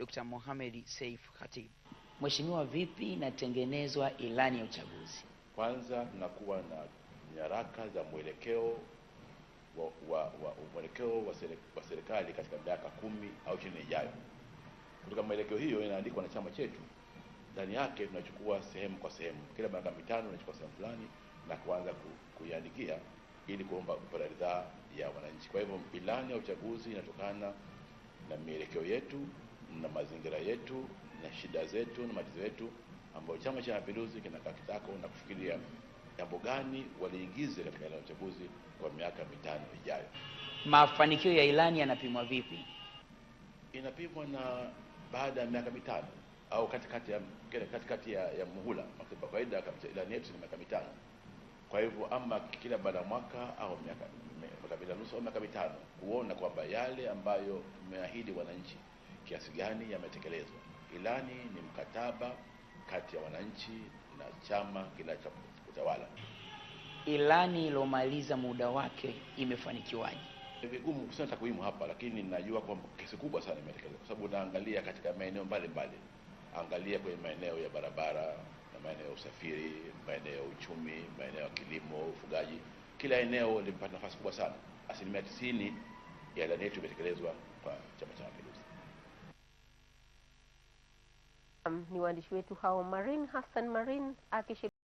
Dr. Mohamed Saif Khatib. Mheshimiwa, vipi inatengenezwa ilani ya uchaguzi? Kwanza tunakuwa na nyaraka za mwelekeo wa, wa, wa mwelekeo wa serikali katika miaka kumi au ishirini ijayo. Kutoka mwelekeo hiyo inaandikwa na chama chetu, ndani yake tunachukua sehemu kwa sehemu, kila miaka mitano tunachukua sehemu fulani na kuanza kuiandikia ili kuomba kupata ridhaa ya wananchi. Kwa hivyo ilani ya uchaguzi inatokana na mielekeo yetu na mazingira yetu na shida zetu na matatizo yetu, ambayo Chama cha Mapinduzi kinakaa kitako na kufikiria jambo gani waliingize katika ilani ya uchaguzi kwa miaka mitano ijayo. Mafanikio ya ilani yanapimwa vipi? Inapimwa na baada ya miaka mitano au katikati ya, katikati ya, ya muhula. Kwa kawaida ilani yetu ni miaka mitano, kwa hivyo ama kila baada ya mwaka au miaka miaka mitano nusu au miaka mitano, kuona kwamba yale ambayo tumeahidi wananchi kiasi gani yametekelezwa. Ilani ni mkataba kati ya wananchi na chama kila cha utawala. Ilani iliyomaliza muda wake imefanikiwaje? Ni vigumu kusema takwimu hapa, lakini ninajua kwamba kesi kubwa sana imetekelezwa, kwa sababu naangalia katika maeneo mbalimbali, angalia kwenye maeneo ya barabara na maeneo ya usafiri, maeneo ya uchumi, maeneo ya kilimo, ufugaji, kila eneo limepata nafasi kubwa sana. Asilimia tisini ya ilani yetu imetekelezwa kwa Chama cha Mapinduzi. Ni waandishi wetu hao Marin Hassan Marin akishiriki